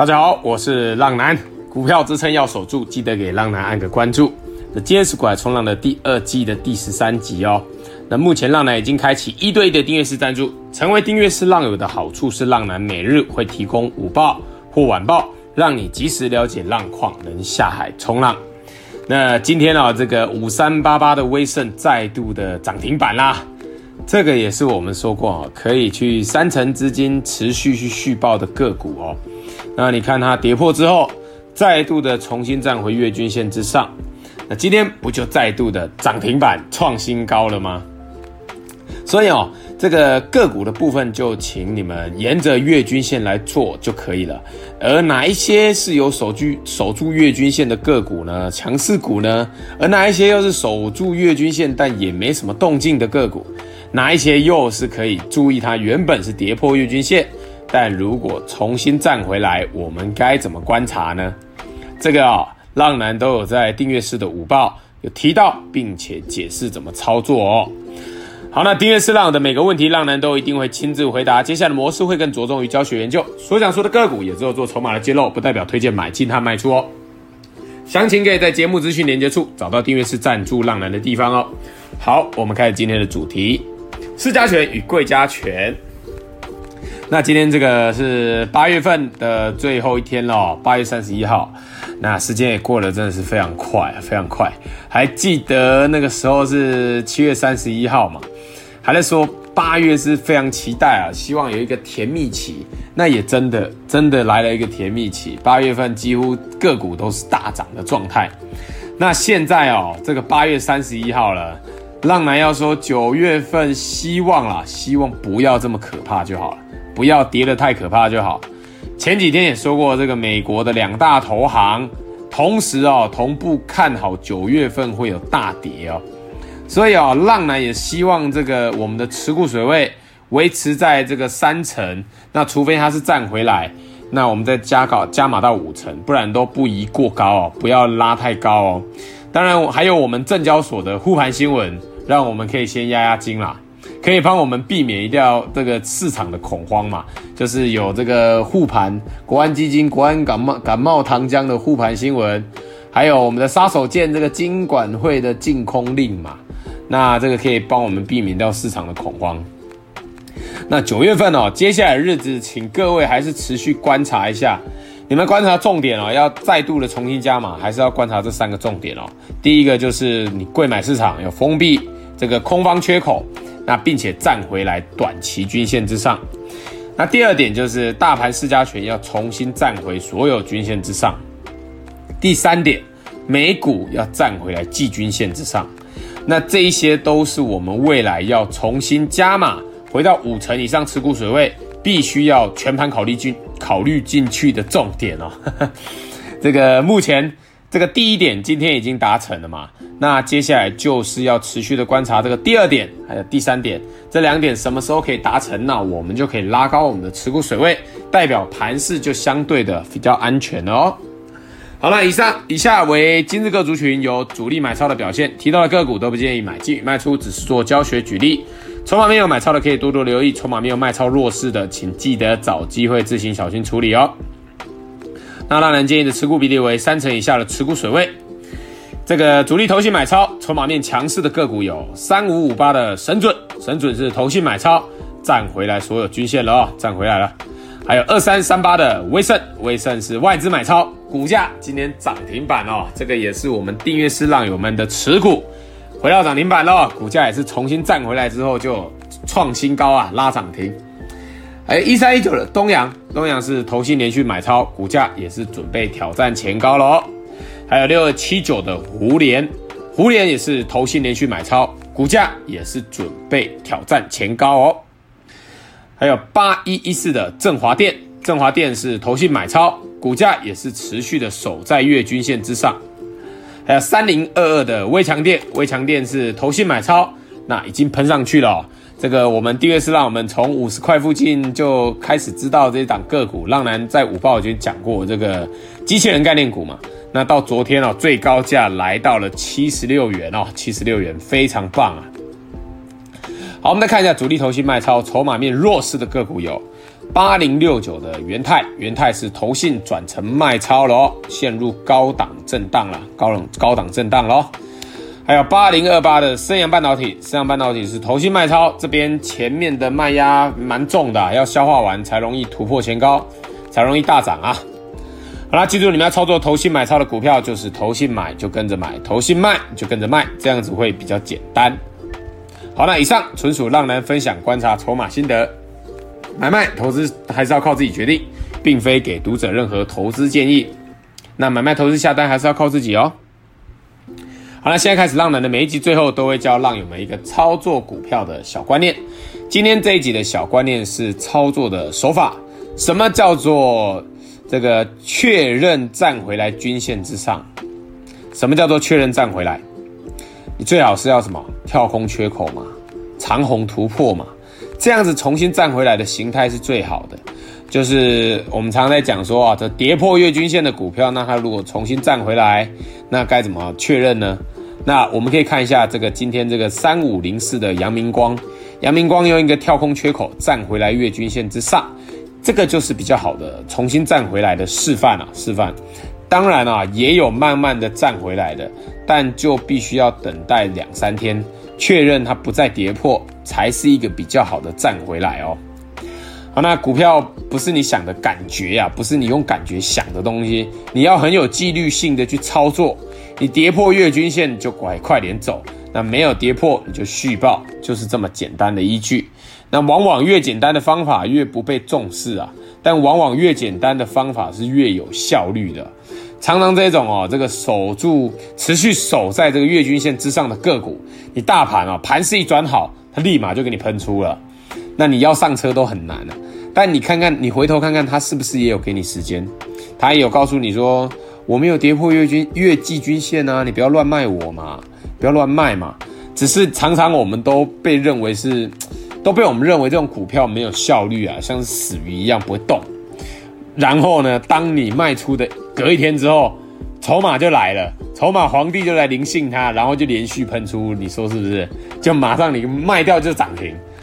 大家好，我是浪男，股票支撐要守住，記得給浪男按個關注。那今天是股海衝浪的第二季的第十三集哦。那目前浪男已經開啟一對一的訂閱式贊助，成為訂閱式浪友的好處是，浪男每日會提供午報或晚報，讓你及時了解浪況，能下海衝浪。那今天啊、哦，這個五三八八的威盛再度的漲停板啦，這個也是我們說過啊、哦，可以去三成資金持續去續抱的個股哦。那你看它跌破之後，再度的重新站回月均線之上，那今天不就再度的漲停板創新高了嗎？所以哦，這個個股的部分就請你們沿着月均線來做就可以了。而哪一些是有守住守住月均線的個股呢？強勢股呢？而哪一些又是守住月均線但也沒什麼動靜的個股？哪一些又是可以注意它原本是跌破月均線？但如果重新站回來，我們該怎麼觀察呢？這個啊、哦，浪男都有在訂閱式的午報有提到，並且解釋怎麼操作哦。好，那訂閱式浪的每個問題，浪男都一定會親自回答。接下來的模式會更着重於教學研究，所講說的個股也只有做籌碼的揭露，不代表推薦買進和賣出哦。詳情可以在節目資訊連結處找到訂閱式贊助浪男的地方哦。好，我們開始今天的主題：市加權與櫃加權。那今天這個是八月份的最後一天了，八月三十一號，那時間也過得真的是非常快，非常快。還記得那個時候是七月三十一號嘛？還在說八月是非常期待啊，希望有一個甜蜜期。那也真的真的來了一個甜蜜期，八月份幾乎個股都是大漲的狀態。那現在哦，這個八月三十一號了，浪男要說九月份希望啊，希望不要這麼可怕就好了。不要跌得太可怕就好。前幾天也說過，這個美國的兩大投行同時哦，同步看好九月份會有大跌哦，所以哦浪男也希望這個我們的持股水位維持在這個三成，那除非它是站回來，那我們再加高加碼到五成，不然都不宜過高哦，不要拉太高哦。當然還有我們證交所的護盤新聞，讓我們可以先壓壓驚啦。可以幫我們避免掉這個市場的恐慌嘛，就是有這個護盤，國安基金、國安感冒感冒糖漿的護盤新聞，還有我們的殺手鐧這個金管會的淨空令嘛。那這個可以幫我們避免掉市場的恐慌。那九月份哦，接下來的日子，請各位還是持續觀察一下。你們觀察重點哦，要再度的重新加碼，還是要觀察這三個重點哦？第一個就是你櫃買市場有封閉這個空方缺口。那並且站回來短期均線之上，那第二點就是大盤市加權要重新站回所有均線之上，第三點美股要站回來季均線之上，那這一些都是我們未來要重新加碼回到五成以上持股水位，必須要全盤考慮進考慮進去的重點哦，呵呵這個目前。這個第一點今天已經達成了嘛？那接下來就是要持續的觀察這個第二點，還有第三點，這兩點什麼時候可以達成啊？那我們就可以拉高我們的持股水位，代表盤勢就相對的比較安全了哦。好了，以上以下為今日各族群有主力買超的表現，提到的個股都不建議買進賣出，只是做教學舉例。籌碼面有買超的可以多多留意，籌碼面有賣超弱勢的，請記得找機會自行小心處理哦。那浪男建議的持股比例為三成以下的持股水位。這個主力投信買超、籌碼面強勢的個股有三五五八的神準，神準是投信買超，站回來所有均線了哦，站回來了。還有二三三八的威盛，威盛是外資買超，股價今天漲停板哦，這個也是我們訂閱式浪友們的持股回到漲停板了、哦，股價也是重新站回來之後就創新高啊，拉漲停。哎，一三一九的東陽，東陽是投信連續買超，股價也是準備挑戰前高了哦。還有六二七九的胡連，胡連也是投信連續買超，股價也是準備挑戰前高哦。還有八一一四的振樺電，振樺電是投信買超，股價也是持續的守在月均線之上。還有三零二二的威強電，威強電是投信買超，那已經噴上去了哦。這個我們訂閱式讓我們從五十塊附近就開始知道這一檔個股，浪男在午報就講過這個機器人概念股嘛。那到昨天哦，最高價來到了七十六元哦，七十六元非常棒啊。好，我們再看一下主力投信賣超、籌碼面弱勢的個股有八零六九的元太，元太是投信轉成賣超了哦，陷入高檔震盪了，高檔高檔震盪了哦。還有八零二八的昇陽半導體，昇陽半導體是投信賣超，這邊前面的賣壓蠻重的，要消化完才容易突破前高，才容易大漲啊！好啦，記住你們要操作投信買超的股票，就是投信買就跟着買，投信賣就跟着賣，這樣子會比較簡單。好了，以上純屬浪男分享觀察籌碼心得，買賣投資還是要靠自己決定，並非給讀者任何投資建議。那買賣投資下單還是要靠自己哦。好了，現在開始。浪男的每一集最後都會教浪友們一個操作股票的小觀念。今天這一集的小觀念是操作的手法。什麼叫做這個確認站回來均線之上？什麼叫做確認站回來？你最好是要什麼，跳空缺口嘛，長紅突破嘛，這樣子重新站回來的形態是最好的。就是我們常常在講說啊，這跌破月均線的股票，那它如果重新站回來，那該怎麼確認呢？那我們可以看一下這個今天這個三五零四的揚明光，揚明光用一個跳空缺口站回來月均線之上，這個就是比較好的重新站回來的示範啊，示範。當然啊，也有慢慢的站回來的，但就必須要等待兩三天，確認它不再跌破，才是一個比較好的站回來哦。好，那股票不是你想的感覺呀、啊，不是你用感覺想的東西，你要很有紀律性的去操作。你跌破月均線就拐，快點走。那沒有跌破你就續抱，就是這麼簡單的依據。那往往越簡單的方法越不被重視啊，但往往越簡單的方法是越有效率的。常常這種哦，這個守住持續守在這個月均線之上的個股，你大盤啊、哦、盤勢一轉好，它立馬就給你噴出了。那你要上車都很難了啊，但你看看，你回頭看看，他是不是也有給你時間？他也有告訴你說，我沒有跌破月均、月季均線啊，你不要亂賣我嘛，不要亂賣嘛。只是常常我們都被認為是，都被我們認為這種股票沒有效率啊，像死魚一樣不會動。然後呢，當你賣出的隔一天之後，籌碼就來了，籌碼皇帝就來臨幸他，然後就連續噴出，你說是不是？就馬上你賣掉就漲停。